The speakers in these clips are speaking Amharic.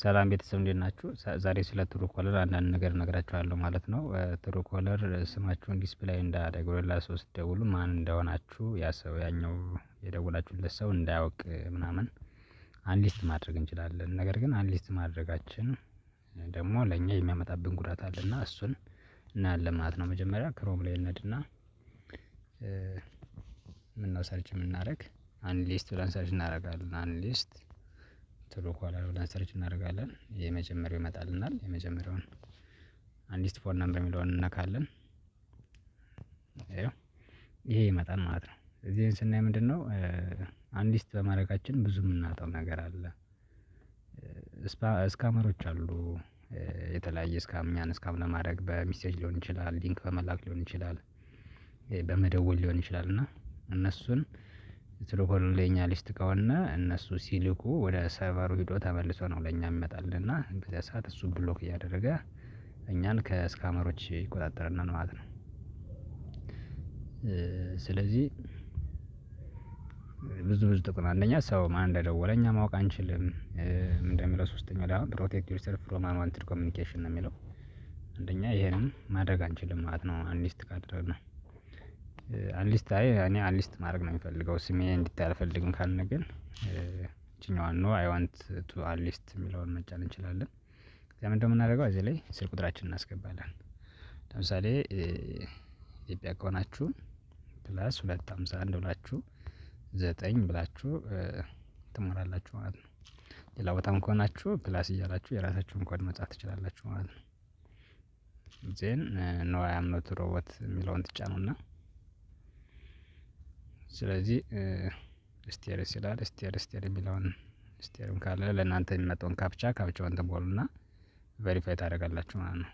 ሰላም ቤተሰብ እንዴት ናችሁ? ዛሬ ስለ ትሩ ኮለር አንዳንድ ነገር ነገራችኋለሁ ማለት ነው። ትሩ ኮለር ስማችሁን ዲስፕላይ ወላ ሰው ስትደውሉ ማን እንደሆናችሁ ያሰው ያኛው የደውላችሁለት ሰው እንዳያውቅ ምናምን አንሊስት ማድረግ እንችላለን። ነገር ግን አንሊስት ማድረጋችን ደግሞ ለእኛ የሚያመጣብን ጉዳት አለና እሱን እናያለን ማለት ነው። መጀመሪያ ክሮም ላይ እንሂድና ምነው ሰርች የምናደርግ አንሊስት ብለን ሰርች እናደርጋለን አንሊስት ቶሎ ከኋላ ብለን ሰርች እናደርጋለን። የመጀመሪያው ይመጣልናል። የመጀመሪያውን አንዲስት ፎን ነምበር የሚለውን እነካለን። ይሄ ይመጣል ማለት ነው። እዚህን ስናይ ምንድን ነው አንዲስት በማድረጋችን ብዙ የምናጣው ነገር አለ። እስካመሮች አሉ። የተለያየ እስካም ያን እስካም ለማድረግ በሚሴጅ ሊሆን ይችላል፣ ሊንክ በመላክ ሊሆን ይችላል፣ በመደወል ሊሆን ይችላል እና እነሱን ሊስት ከሆነ እነሱ ሲልኩ ወደ ሰርቨሩ ሂዶ ተመልሶ ነው ለእኛ የሚመጣልን እና በዚያ ሰዓት እሱ ብሎክ እያደረገ እኛን ከስካመሮች ይቆጣጠረናል ማለት ነው። ስለዚህ ብዙ ብዙ ጥቅም አንደኛ ሰው ማን እንደደወለ እኛ ማወቅ አንችልም እንደሚለው ሶስተኛው ላይ ፕሮቴክት ዩርሰልፍ ፍሮም አንዋንትድ ኮሚኒኬሽን ነው የሚለው አንደኛ ይሄንም ማድረግ አንችልም ማለት ነው አንሊስት ነው አንሊስት አይ እኔ አንሊስት ማድረግ ነው የሚፈልገው ስሜ እንዲታይ አልፈልግም ካልን ግን ይችኛዋን ኖ አይ ዋንት ቱ አንሊስት የሚለውን መጫን እንችላለን። ከዛ ምንድነው የምናደርገው እዚህ ላይ ስልክ ቁጥራችን እናስገባለን። ለምሳሌ ኢትዮጵያ ከሆናችሁ ፕላስ ሁለት ሃምሳ አንድ ብላችሁ ዘጠኝ ብላችሁ ትሞላላችሁ ማለት ነው። ሌላ ቦታም ከሆናችሁ ፕላስ እያላችሁ የራሳችሁን ኮድ መጻፍ ትችላላችሁ ማለት ነው። ዜን ኖ አይ አም ኖት ሮቦት የሚለውን ትጫኑና ስለዚህ ስቴር ይላል ስቴር ስቴር የሚለውን ስቴርም ካለ ለእናንተ የሚመጣውን ካፕቻ ካፕቻውን ትሞሉና ቬሪፋይ ታደርጋላችሁ ማለት ነው።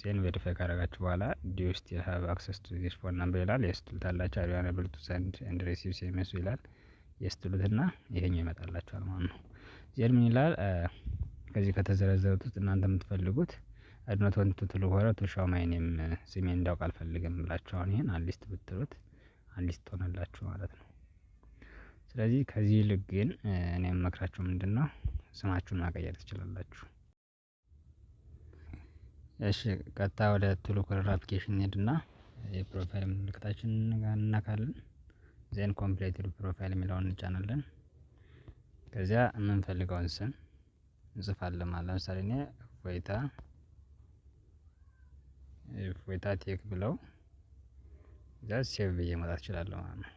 ዜን ቬሪፋይ ካደረጋችሁ በኋላ ዲዩ ስቲል ሀቭ አክሰስ ቱ ዚስ ፎን ናምበር ይላል። የስ ትሉታላችሁ አር ቱ ሰንድ ኤንድ ሬሲቭ ሲሜስ ይላል። የስ ትሉትና ይሄኛው ይመጣላችኋል ማለት ነው። ዜን ምን ይላል? ከዚህ ከተዘረዘሩት ውስጥ እናንተ የምትፈልጉት አድነቶ ትሉ ሆረ ማይኔም ስሜን እንዳውቅ አልፈልግም ብላችሁ አሁን ይሄን አንሊስት ብትሉት አንሊስት ሆነላችሁ ማለት ነው። ስለዚህ ከዚህ ይልቅ ግን እኔ የምመክራችሁ ምንድን ነው ስማችሁን ማቀየር ትችላላችሁ። እሺ ቀጥታ ወደ ቱሉ ኮለር አፕሊኬሽን ሄድና የፕሮፋይል ምልክታችን እናካለን። ዜን ኮምፕሌት ፕሮፋይል የሚለውን እንጫናለን። ከዚያ የምንፈልገውን ስም እንጽፋለን ማለት ለምሳሌ እኔ ወይታ እፎይታ ቴክ ብለው እዛ ሴቭ ብዬ መውጣት እችላለሁ ማለት ነው።